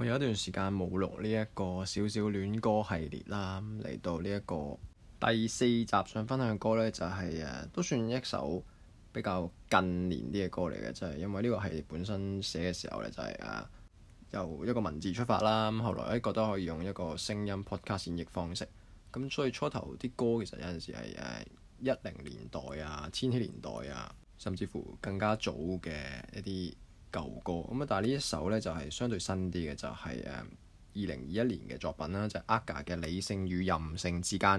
我有一段時間冇錄呢一個少少戀歌系列啦，嚟到呢一個第四集想分享嘅歌呢，就係、是、誒、啊、都算一首比較近年啲嘅歌嚟嘅，就係、是、因為呢個係本身寫嘅時候呢，就係、是、誒、啊、由一個文字出發啦。咁後來咧覺得可以用一個聲音 podcast 演譯方式，咁所以初頭啲歌其實有陣時係誒、啊、一零年代啊、千禧年代啊，甚至乎更加早嘅一啲舊歌咁啊，但係呢一首呢就係相對新啲嘅，就係誒二零二一年嘅作品啦，就係 e g l a 嘅《理性與任性之間》。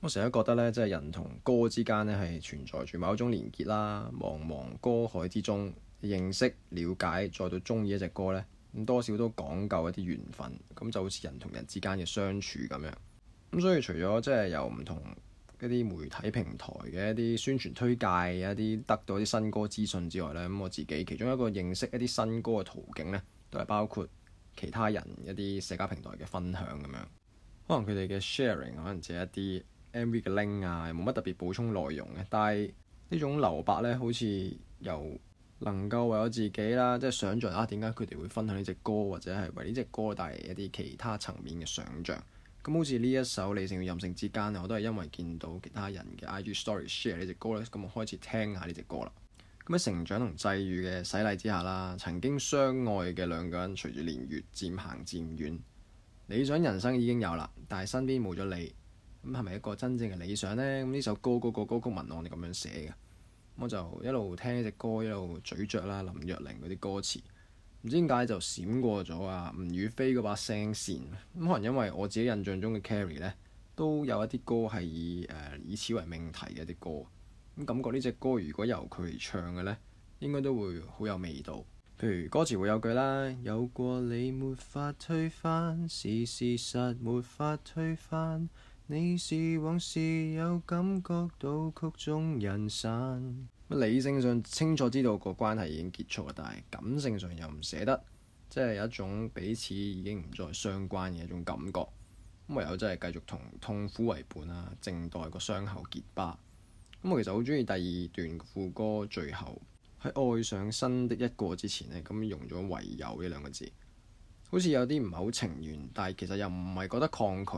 我成日都覺得呢，即係人同歌之間呢，係存在住某一種連結啦。茫茫歌海之中認識、了解，再到中意一隻歌呢，咁多少都講究一啲緣分。咁就好似人同人之間嘅相處咁樣。咁所以除咗即係有唔同一啲媒體平台嘅一啲宣傳推介，一啲得到啲新歌資訊之外呢，咁我自己其中一個認識一啲新歌嘅途徑呢，都係包括其他人一啲社交平台嘅分享咁樣。可能佢哋嘅 sharing，可能只係一啲 MV 嘅 link 啊，冇乜特別補充內容嘅。但係呢種留白呢，好似又能夠為我自己啦，即係想像啊，點解佢哋會分享呢隻歌，或者係為呢隻歌帶嚟一啲其他層面嘅想像。咁好似呢一首《理性與任性之間》，我都係因為見到其他人嘅 IG Story share 呢隻歌咧，咁我開始聽下呢隻歌啦。咁喺成長同際遇嘅洗禮之下啦，曾經相愛嘅兩個人，隨住年月漸行漸遠，理想人生已經有啦，但係身邊冇咗你，咁係咪一個真正嘅理想呢？咁呢首歌嗰、嗰個歌曲文案就咁樣寫嘅，咁我就一路聽呢隻歌，一路咀嚼啦林若寧嗰啲歌詞。唔知點解就閃過咗啊，吳雨霏嗰把聲線，咁可能因為我自己印象中嘅 Carrie 咧，都有一啲歌係以誒、呃、以此為命題嘅啲歌，咁感覺呢隻歌如果由佢嚟唱嘅咧，應該都會好有味道。譬如歌詞會有句啦，有過你沒法推翻，是事實沒法推翻，你是往事有感覺到曲終人散。理性上清楚知道個關係已經結束啊，但係感性上又唔捨得，即係有一種彼此已經唔再相關嘅一種感覺。唯有真係繼續同痛苦為伴啊，靜待個傷口結疤。咁我其實好中意第二段副歌最後喺愛上新的一個之前呢，咁用咗唯有呢兩個字，好似有啲唔係好情願，但係其實又唔係覺得抗拒，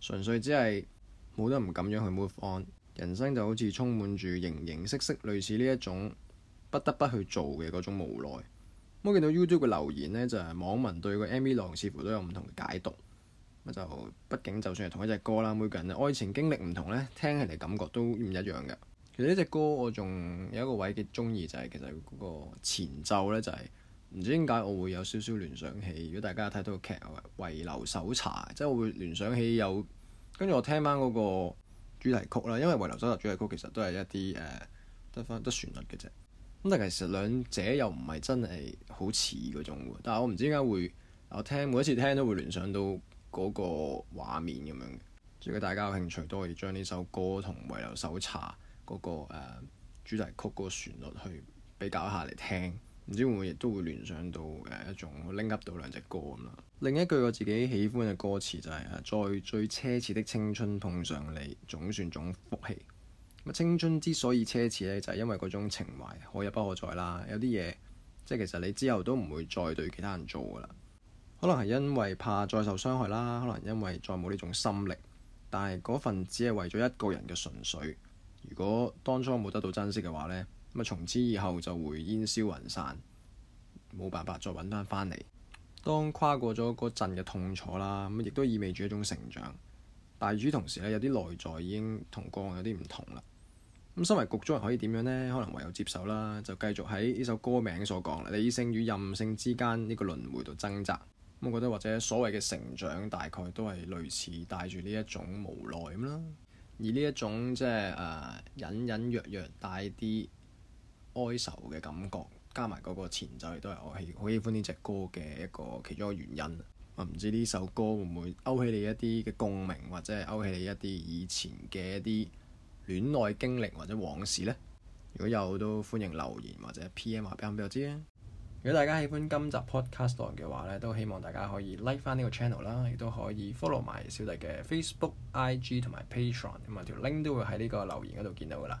純粹只係冇得唔咁樣去 move on。人生就好似充滿住形形色色，類似呢一種不得不去做嘅嗰種無奈。咁我見到 YouTube 嘅留言呢，就係、是、網民對個 MV 內容似乎都有唔同嘅解讀。咁就畢竟就算係同一隻歌啦，每個人嘅愛情經歷唔同呢，聽起嚟感覺都唔一樣嘅。其實呢隻歌我仲有一個位幾中意，就係、是、其實嗰個前奏呢，就係、是、唔知點解我會有少少聯想起。如果大家睇到個劇我遺留搜查，即係、就是、我會聯想起有跟住我聽翻嗰、那個。主題曲啦，因為遺留搜查主題曲其實都係一啲誒，得翻得旋律嘅啫。咁但其實兩者又唔係真係好似嗰種喎。但係我唔知點解會，我聽每一次聽都會聯想到嗰個畫面咁樣。如果大家有興趣，都可以將呢首歌同遺留搜查嗰個、uh, 主題曲嗰個旋律去比較一下嚟聽。唔知會唔會亦都會聯想到誒一種 link up 到兩隻歌咁啦。另一句我自己喜歡嘅歌詞就係、是、啊，在最奢侈的青春碰上你，總算種福氣。青春之所以奢侈咧，就係、是、因為嗰種情懷可一不可再啦。有啲嘢即係其實你之後都唔會再對其他人做噶啦。可能係因為怕再受傷害啦，可能因為再冇呢種心力。但係嗰份只係為咗一個人嘅純粹。如果當初冇得到珍惜嘅話呢。咁啊！從此以後就會煙消雲散，冇辦法再揾翻翻嚟。當跨過咗嗰陣嘅痛楚啦，咁亦都意味住一種成長。但於同時咧，有啲內在已經個案同過往有啲唔同啦。咁身為局中人可以點樣咧？可能唯有接受啦，就繼續喺呢首歌名所講啦，理性與任性之間呢個輪回度掙扎。咁我覺得或者所謂嘅成長大概都係類似帶住呢一種無奈咁啦。而呢一種即係誒隱隱約約帶啲。哀愁嘅感覺，加埋嗰個前奏，亦都係我係好喜歡呢隻歌嘅一個其中一個原因。唔知呢首歌會唔會勾起你一啲嘅共鳴，或者係勾起你一啲以前嘅一啲戀愛經歷或者往事呢？如果有，都歡迎留言或者 PM 話俾我知啊！如果大家喜歡今集 podcast 嘅話咧，都希望大家可以 like 翻呢個 channel 啦，亦都可以 follow 埋小弟嘅 Facebook、IG 同埋 Patreon，咁啊條 link 都會喺呢個留言嗰度見到噶啦。